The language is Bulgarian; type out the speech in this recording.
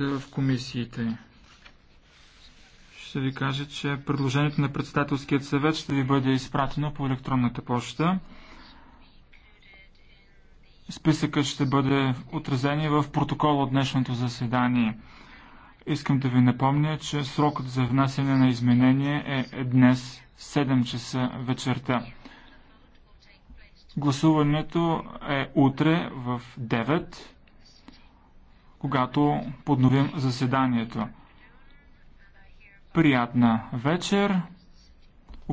в комисиите. Ще ви кажа, че предложението на председателският съвет ще ви бъде изпратено по електронната почта. Списъкът ще бъде отразен в протокола от днешното заседание. Искам да ви напомня, че срокът за внасяне на изменение е днес 7 часа вечерта. Гласуването е утре в 9 когато подновим заседанието. Приятна вечер!